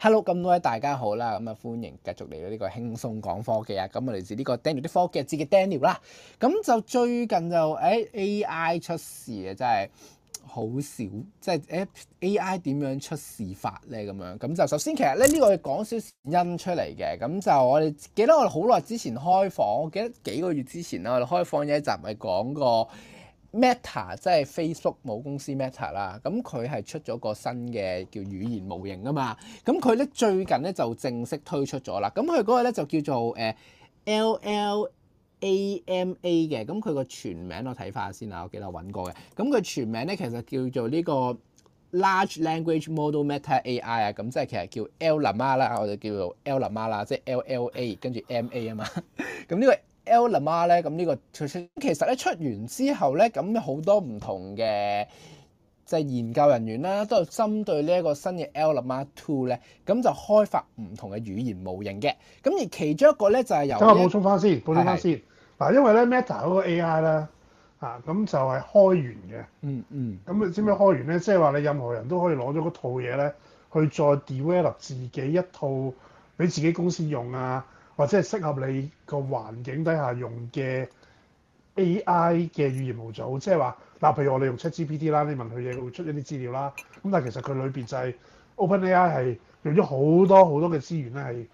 Hello，咁多位大家好啦，咁啊歡迎繼續嚟到呢個輕鬆講科技啊，咁我嚟自呢個 Daniel 啲科技節嘅 Daniel 啦，咁就最近就誒、欸、AI 出事啊，真係好少，即係誒 AI 點樣出事法咧咁樣，咁就首先其實咧呢、呢個講少少因出嚟嘅，咁就我哋記得我哋好耐之前開房，我記得幾個月之前啦，我哋開房有一集咪講過。Meta 即係 Facebook 母公司 Meta 啦，咁佢係出咗個新嘅叫語言模型啊嘛，咁佢咧最近咧就正式推出咗啦，咁佢嗰個咧就叫做誒 LLAMA 嘅，咁佢個全名我睇翻下先啊，我記得我揾過嘅，咁佢全名咧其實叫做呢個 Large Language Model Meta AI 啊，咁即係其實叫 LLAMA 啦，我就叫做 LLAMA 啦，即係 LLA 跟住 MA 啊嘛，咁呢個。Llama 咧，咁呢、這個其實咧出完之後咧，咁好多唔同嘅即係研究人員啦，都係針對呢一個新嘅 Llama Two 咧，咁就開發唔同嘅語言模型嘅。咁而其中一個咧就係、是、由，等我補充返先，補充返先。嗱是，因為咧 Meta 嗰個 AI 咧嚇，咁、啊、就係開源嘅、嗯。嗯嗯。咁你知唔知開源咧？即係話你任何人都可以攞咗嗰套嘢咧，去再 develop 自己一套俾自己公司用啊！或者係適合你個環境底下用嘅 A.I. 嘅語言模組，即係話嗱，譬如我哋用 ChatGPT 啦，你問佢嘢佢會出一啲資料啦。咁但係其實佢裏邊就係 Open A.I. 係用咗好多好多嘅資源咧，係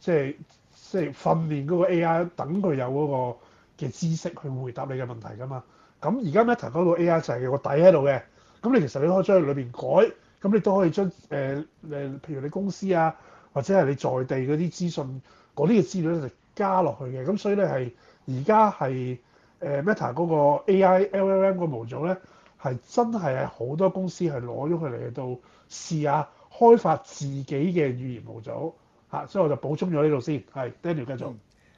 即係即係訓練嗰個 A.I. 等佢有嗰個嘅知識去回答你嘅問題㗎嘛。咁而家 Meta 嗰個 A.I. 就係有個底喺度嘅，咁你其實你可以將佢裏邊改，咁你都可以將誒誒，譬如你公司啊，或者係你在地嗰啲資訊，嗰啲嘅資料咧，就加落去嘅。咁所以咧，係而家係誒 Meta 嗰個 AI LLM 個模組咧，係真係係好多公司係攞咗佢嚟到試下開發自己嘅語言模組吓，所以我就補充咗呢度先。係 Daniel 繼續。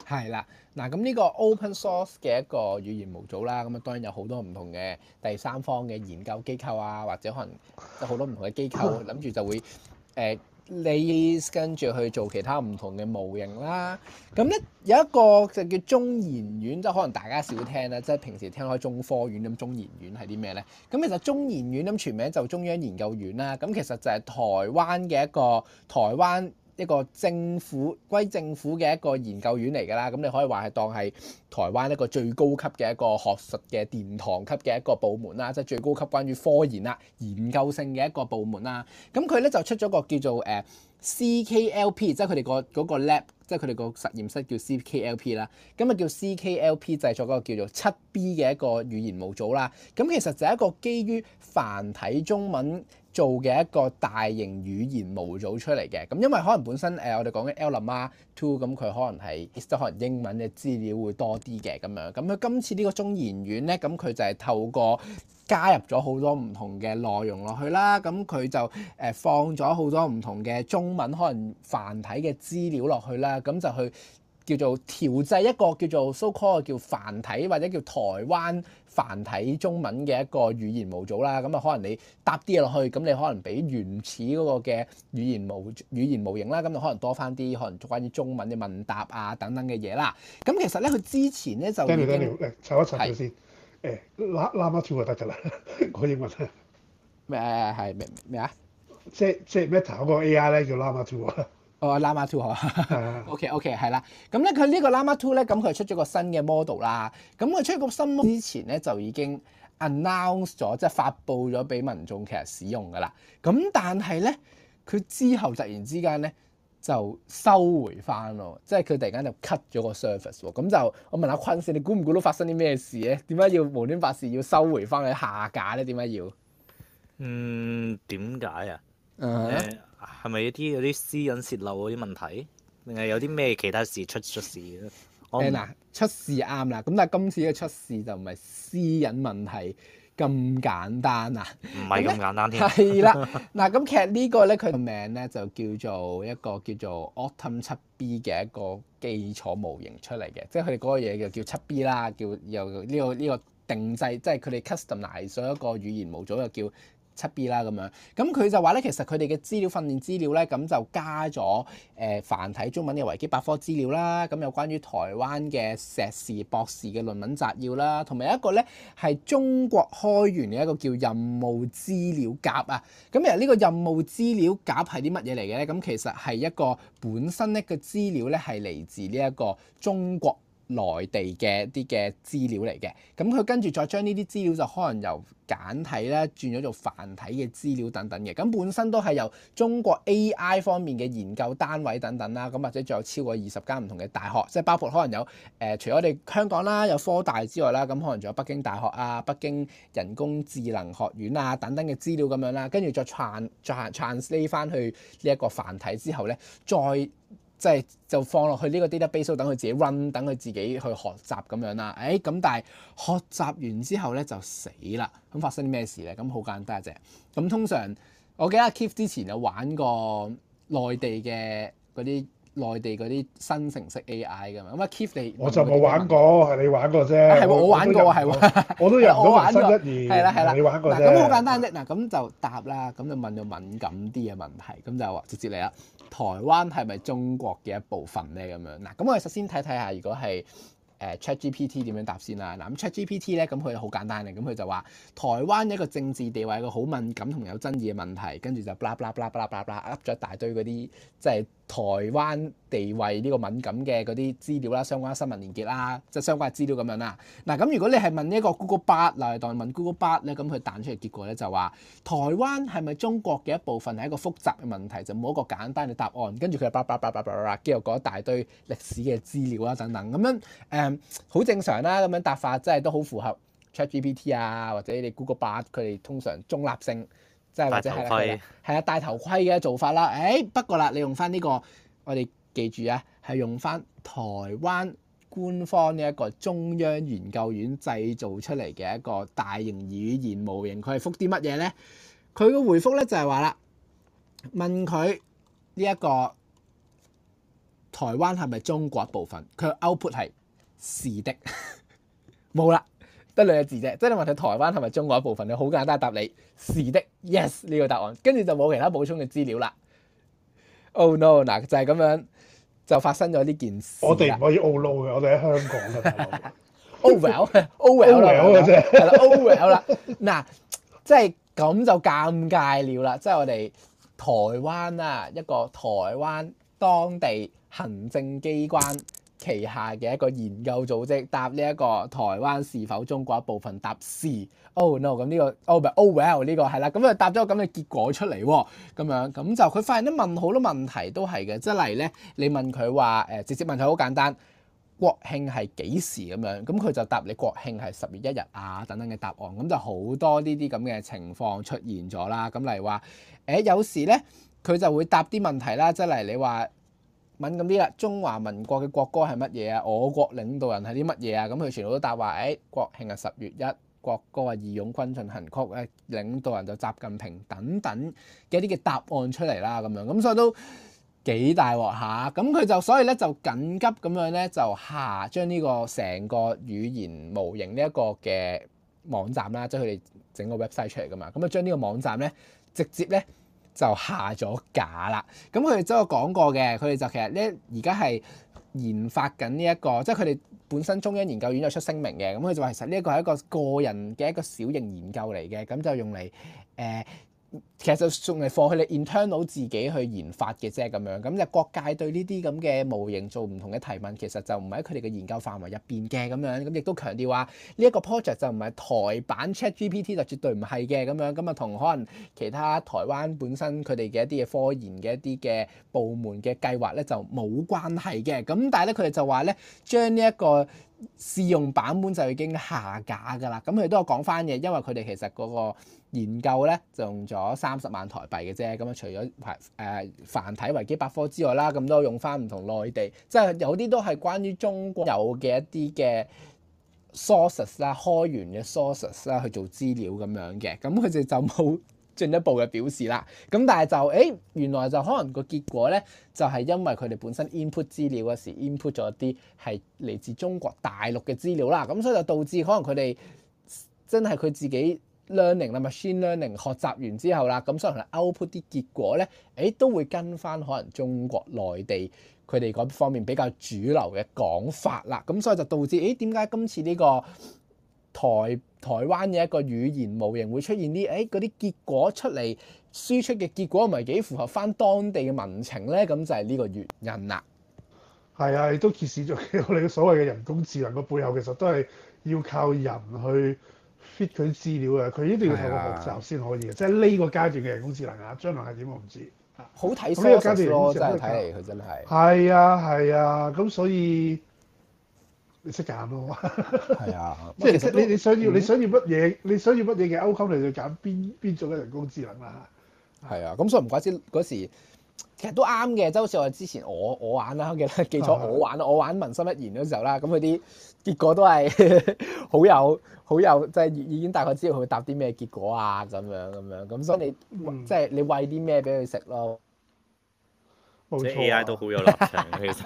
係啦，嗱咁呢個 open source 嘅一個語言模組啦，咁啊當然有好多唔同嘅第三方嘅研究機構啊，或者可能有好多唔同嘅機構諗住就會誒。 你跟住去做其他唔同嘅模型啦，咁呢有一個就叫中研院，即係可能大家少聽啦，即係平時聽開中科院咁，中研院係啲咩呢？咁其實中研院咁全名就中央研究院啦，咁其實就係台灣嘅一個台灣。一個政府歸政府嘅一個研究院嚟㗎啦，咁你可以話係當係台灣一個最高級嘅一個學術嘅殿堂級嘅一個部門啦，即係最高級關於科研啦、研究性嘅一個部門啦。咁佢咧就出咗個叫做誒 CKIP，即係佢哋個嗰個 lab，即係佢哋個實驗室叫 CKIP 啦。咁啊叫 CKIP 製作嗰個叫做七 B 嘅一個語言模組啦。咁其實就係一個基於繁體中文做嘅一個大型語言模組出嚟嘅，咁因為可能本身誒、呃、我哋講嘅 Llama 2，咁佢可能係可能英文嘅資料會多啲嘅咁樣，咁佢今次呢個中研院呢，咁佢就係透過加入咗好多唔同嘅內容落去啦，咁佢就誒放咗好多唔同嘅中文可能繁體嘅資料落去啦，咁就去。叫做調製一個叫做 so called 叫繁體或者叫台灣繁體中文嘅一個語言模組啦，咁啊可能你搭啲嘢落去，咁你可能俾原始嗰個嘅語言模語言模型啦，咁就可能多返啲可能關於中文嘅問答啊等等嘅嘢啦。咁其實咧佢之前咧就聽你聽你誒湊一湊佢先誒拉拉馬兔就得㗎啦，講英文誒係咩啊？即即 Meta 嗰個 AI 咧叫拉馬兔啊！笑 lobster oluş divorce 哦，Llama Two 好 OK OK，係啦，咁咧佢呢個 Llama Two 咧，咁佢出咗個新嘅 model 啦，咁佢出個新 model 之前咧就已經 announce 咗，即係發布咗俾民眾其實使用噶啦，咁但係咧佢之後突然之間咧就收回翻咯，即係佢突然間就 cut 咗個 service 喎，咁就我問下坤先，你估唔估到發生啲咩事咧？點解要無端發事要收回翻佢下架咧？點解要？嗯，點解啊？誒。係咪一啲有啲私隱泄露嗰啲問題，定係有啲咩其他事出咗事咧？嗱出事啱啦，咁、嗯、不但係今次嘅出事就唔係私隱問題咁簡單，簡單啊，唔係咁簡單添。係啦，嗱咁其實呢個咧佢個名咧就叫做一個叫做 Autumn 七 B 嘅一個基礎模型出嚟嘅，即係佢哋嗰個嘢就叫七 B 啦，叫又呢個呢、這個定製，即係佢哋 customize 咗一個語言模組，又叫。七 B 啦咁樣，咁佢就話咧，其實佢哋嘅資料訓練資料咧，咁就加咗誒繁體中文嘅維基百科資料啦，咁有關於台灣嘅碩士博士嘅論文摘要啦，同埋一個咧係中國開源嘅一個叫任務資料夾啊，咁其實呢個任務資料夾係啲乜嘢嚟嘅咧？咁其實係一個本身咧嘅資料咧係嚟自呢一個中國。內地嘅啲嘅資料嚟嘅，咁佢跟住再將呢啲資料就可能由簡體咧轉咗做繁體嘅資料等等嘅，咁本身都係由中國 AI 方面嘅研究單位等等啦，咁或者仲有超過二十間唔同嘅大學，即係包括可能有誒、呃，除咗我哋香港啦，有科大之外啦，咁可能仲有北京大學啊、北京人工智能學院啊等等嘅資料咁樣啦，跟住再 trans 再 translate 翻去呢一個繁體之後咧，再。即係就，就放落去呢個 database 度等佢自己 run，等佢自己去學習咁樣啦。誒、哎、咁，但係學習完之後咧就死啦。咁發生啲咩事咧？咁好簡單啫。咁、就是、通常我記得阿 Keith 之前有玩過內地嘅嗰啲。內地嗰啲新城式 AI 㗎嘛，咁啊 Keith 你我就冇玩過，係你玩過啫。係我玩過，係我都入咗玩一過年，係啦係啦，你玩過，咁好簡單啫。嗱的，咁就答啦。咁就問到敏感啲嘅問題，咁就話直接嚟啦。台灣係咪中國嘅一部分咧？咁樣嗱，咁我哋首先睇睇下，如果係誒、呃、ChatGPT 點樣答先啦。嗱，咁 ChatGPT 咧，咁佢好簡單嘅，咁佢就話台灣一個政治地位一個好敏感同有爭議嘅問題，跟住就 bla bla bla bla 噏咗一大堆嗰啲即係。即係即係台灣地位呢個敏感嘅嗰啲資料啦，相關新聞連結啦，即係相關資料咁樣啦。嗱咁如果你係問呢一個 Google 八，嗱，嚟當問 Google 八咧，咁佢彈出嚟結果咧就話台灣係咪中國嘅一部分係一個複雜嘅問題，就冇一個簡單嘅答案。跟住佢叭叭叭叭叭叭，繼續講一大堆歷史嘅資料啦等等咁樣，誒、嗯、好正常啦、啊，咁樣答法真係都好符合 ChatGPT 啊或者你 Google 八佢哋通常中立性。即係或者係係啊戴頭盔嘅做法啦，誒、哎、不過啦，你用翻呢、這個，我哋記住啊，係用翻台灣官方呢一個中央研究院製造出嚟嘅一個大型語言模型，佢係覆啲乜嘢咧？佢個回覆咧就係話啦，問佢呢一個台灣係咪中國部分，佢 output 係是的，冇 啦。得兩個字啫，即係你問佢台灣係咪中國一部分咧，好簡單答你，是的，yes 呢個答案，跟住就冇其他補充嘅資料啦。Oh no，嗱就係咁樣就發生咗呢件事。我哋唔可以 oh no 嘅，我哋喺香港嘅。Oh well，oh well，oh well 啫，係啦，oh well 啦，嗱即係咁就尷尬了啦，即係我哋台灣啦一個台灣當地行政機關。旗下嘅一個研究組織答呢、這、一個台灣是否中國一部分答是、哦。Oh no！咁、這、呢個哦唔係，Oh well！呢個係啦，咁佢、嗯、答咗個咁嘅結果出嚟喎，咁樣咁就佢發現咧問好多問題都係嘅，即係例如咧，你問佢話誒直接問題好簡單，國慶係幾時咁樣？咁佢就答你國慶係十月一日啊等等嘅答案。咁就好多呢啲咁嘅情況出現咗啦。咁例如話，誒、哎、有時咧佢就會答啲問題啦，即係例如你話。敏感啲啦，中華民國嘅國歌係乜嘢啊？我國領導人係啲乜嘢啊？咁佢全部都答話，誒、哎、國慶啊十月一，國歌啊《義勇軍進行曲》，誒領導人就習近平等等嘅一啲嘅答案出嚟啦，咁樣咁所以都幾大鑊下，咁、啊、佢就所以咧就緊急咁樣咧就下、啊、將呢個成個語言模型呢一個嘅網站啦，即係佢哋整個 website 出嚟㗎嘛，咁啊將呢個網站咧直接咧。就下咗架啦，咁佢哋都有講過嘅，佢哋就其實呢而家係研發緊呢一個，即係佢哋本身中央研究院又出聲明嘅，咁佢就話其實呢一個係一個個人嘅一個小型研究嚟嘅，咁就用嚟誒。呃其實就仲係放佢你 internal 自己去研發嘅啫，咁樣咁就各界對呢啲咁嘅模型做唔同嘅提問，其實就唔喺佢哋嘅研究範圍入邊嘅咁樣，咁亦都強調話呢一個 project 就唔係台版 ChatGPT，就絕對唔係嘅咁樣，咁啊同可能其他台灣本身佢哋嘅一啲嘅科研嘅一啲嘅部門嘅計劃咧就冇關係嘅，咁但係咧佢哋就話咧將呢一個。試用版本就已經下架㗎啦，咁佢都有講翻嘢，因為佢哋其實嗰個研究咧就用咗三十萬台幣嘅啫，咁啊除咗繁誒繁體維基百科之外啦，咁都用翻唔同內地，即係有啲都係關於中國有嘅一啲嘅 source 啦，開源嘅 source 啦去做資料咁樣嘅，咁佢哋就冇。進一步嘅表示啦，咁但係就誒、欸，原來就可能個結果咧，就係、係、因為佢哋本身 input 資料嗰時 input 咗啲係嚟自中國大陸嘅資料啦，咁所以就導致可能佢哋真係佢自己 learning 同 machine learning 學習完之後啦，咁所以可能 output 啲結果咧，誒、欸、都會跟翻可能中國內地佢哋嗰方面比較主流嘅講法啦，咁所以就導致誒點解今次呢、呢個，台台灣嘅一個語言模型會出現啲誒嗰啲結果出嚟輸出嘅結果，唔係幾符合翻當地嘅民情咧？咁就係呢個原因啦。係啊，亦都揭示咗我哋所謂嘅人工智能個背後，其實都係要靠人去 fit 佢資料啊。佢一定要靠個學習先可以嘅，即係呢個階段嘅人工智能啊。將來係點我唔知。好睇實事咯，真係睇嚟佢真係。係啊係啊，咁、啊啊嗯、所以。你識揀咯，係啊！即係你你想要你想要乜嘢？你想要乜嘢嘅 outcome 你再揀邊邊種嘅人工智能啦。係啊，咁所以唔怪之嗰時，其實都啱嘅。即好似我之前我我玩啦，記記錯我玩、啊、我玩我玩文心一言嗰時候啦，咁佢啲結果都係好有好有，即係、就是、已經大概知道佢會答啲咩結果啊，咁樣咁樣。咁所以你即係、就是、你餵啲咩俾佢食咯。冇錯、嗯嗯、A，I 都好有立場其實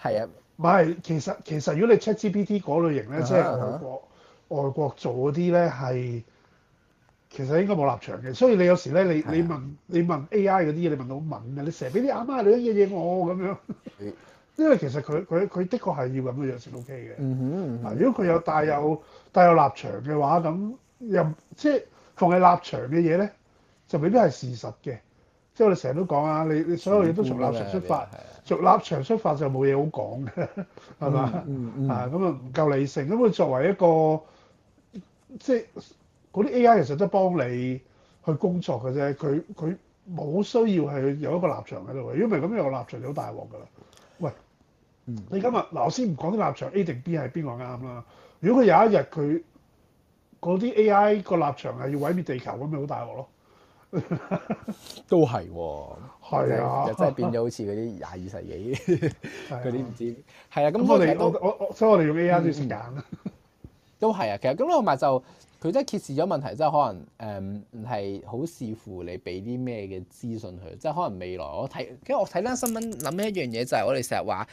係啊。 唔係，其實其實如果你 check GPT 嗰類型咧，uh huh. 即係外國外國做嗰啲咧係，其實應該冇立場嘅。所以你有時咧，你、uh huh. 你問你問 AI 嗰啲嘢，你問到敏㗎，你成日俾啲阿媽，媽你啲嘢應我咁樣。 因為其實佢佢佢的確係要咁嘅樣先 OK 嘅。嗱、uh，huh. uh huh. 如果佢有帶有帶有立場嘅話，咁又即係逢係立場嘅嘢咧，就未必係事實嘅。因為你成日都講啊，你你所有嘢都從立場出發，嗯嗯嗯、從立場出發就冇嘢好講嘅，係嘛？啊咁啊唔夠理性。咁佢作為一個即係嗰啲 AI 其實都幫你去工作嘅啫，佢佢冇需要係有一個立場喺度，如果唔係咁有個立場，就好大鑊㗎啦。喂，嗯、你今日嗱我先唔講啲立場 A 定 B 係邊個啱啦？如果佢有一日佢嗰啲 AI 個立場係要毀滅地球咁，咪好大鑊咯？ 都係喎、哦，係啊，又真係變咗好似嗰啲廿二世紀嗰啲唔知，係 啊。咁 我哋 我，我所以我哋用 A.I. 都要先揀啦。都係啊，其實咁另外就佢真係揭示咗問題，即係可能唔係好視乎你俾啲咩嘅資訊佢，即係可能未來我睇，因為我睇返新聞諗一樣嘢就係我哋成日話，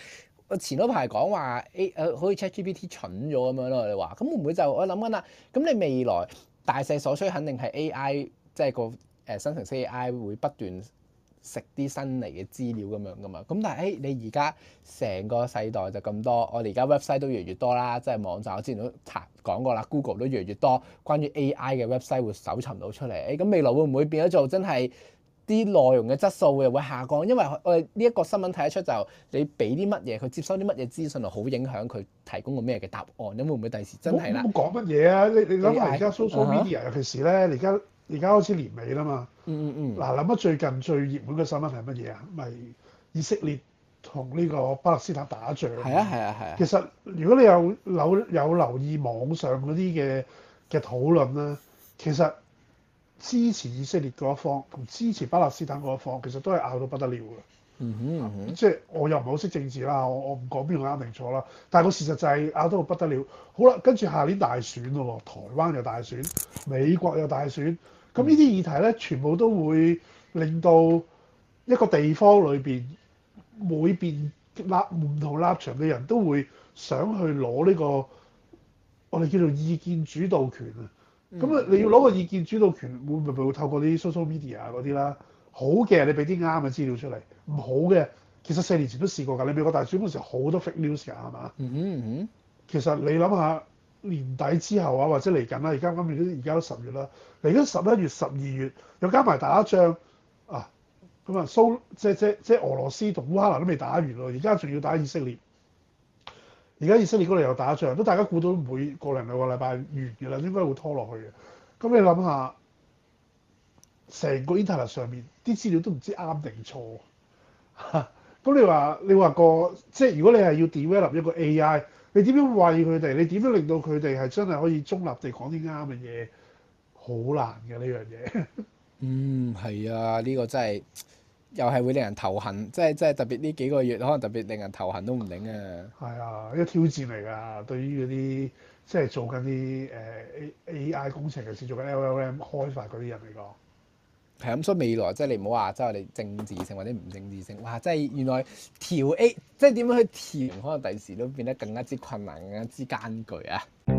前嗰排講話 A 誒，好似 ChatGPT 蠢咗咁樣咯，你話，咁會唔會就我諗緊啦？咁你未來大勢所趨肯定係 A.I. 即係個。誒，生成式 AI 會不斷食啲新嚟嘅資料咁樣噶嘛？咁但係誒、哎，你而家成個世代就咁多，我哋而家 website 都越嚟越多啦，即係網站我之前都查講過啦，Google 都越嚟越多關於 AI 嘅 website 會搜尋到出嚟。誒、哎，咁未來會唔會變咗做真係啲內容嘅質素會唔會下降？因為我哋呢一個新聞睇得出就是、你俾啲乜嘢，佢接收啲乜嘢資訊，好影響佢提供個咩嘅答案。咁會唔會第時真係啦？講乜嘢啊？你你諗下而家 social media，uh huh. 尤其是咧而家。而家開始年尾啦嘛，嗱，諗下最近最熱門嘅新聞係乜嘢啊？咪、就是、以色列同呢個巴勒斯坦打仗。係啊係啊係啊。啊啊其實如果你有留有留意網上嗰啲嘅嘅討論咧，其實支持以色列嗰一方同支持巴勒斯坦嗰一方，其實都係拗到不得了嘅、嗯。嗯哼，即、嗯、係、啊就是、我又唔係好識政治啦，我我唔講邊個啱定錯啦。但係個事實就係拗到不得了。好啦，跟住下年大選喎，台灣又大選，美國又大選。咁呢啲議題咧，全部都會令到一個地方裏邊每邊立唔同立場嘅人都會想去攞呢個我哋叫做意見主導權啊。咁啊、嗯，你要攞個意見主導權，會唔會透過啲 social media 嗰啲啦？好嘅，你俾啲啱嘅資料出嚟；唔好嘅，其實四年前都試過㗎。你美國大選嗰時好多 fake news 㗎係嘛？嗯嗯。其實你諗下。年底之後啊，或者嚟緊啦，而家今年都，而家都十月啦，嚟緊十一月、十二月，又加埋打仗啊，咁啊蘇即即即，即，即俄羅斯同烏克蘭都未打完咯，而家仲要打以色列，而家以色列嗰度又打仗，都大家估到每個零兩個禮拜完嘅啦，應該會拖落去嘅。咁、嗯、你諗下，成個 internet 上面啲資料都唔知啱定錯，嚇、啊。咁、嗯、你話你話個即係如果你係要 develop 一個 AI。你點樣餵佢哋？你點樣令到佢哋係真係可以中立地講啲啱嘅嘢？好難嘅呢樣嘢。 嗯，係啊，呢、呢個真係又係會令人頭痕，即係即係特別呢幾個月，可能特別令人頭痕都唔定啊。係啊，一個挑戰嚟㗎，對於嗰啲即係做緊啲誒 A A I 工程嘅事，做緊 L L M 開發嗰啲人嚟講。係咁，所以未來即係你唔好話，即係你政治性或者唔政治性，哇！即係原來調 A，即係點樣去調，可能第時都變得更加之困難，更加之艱巨啊！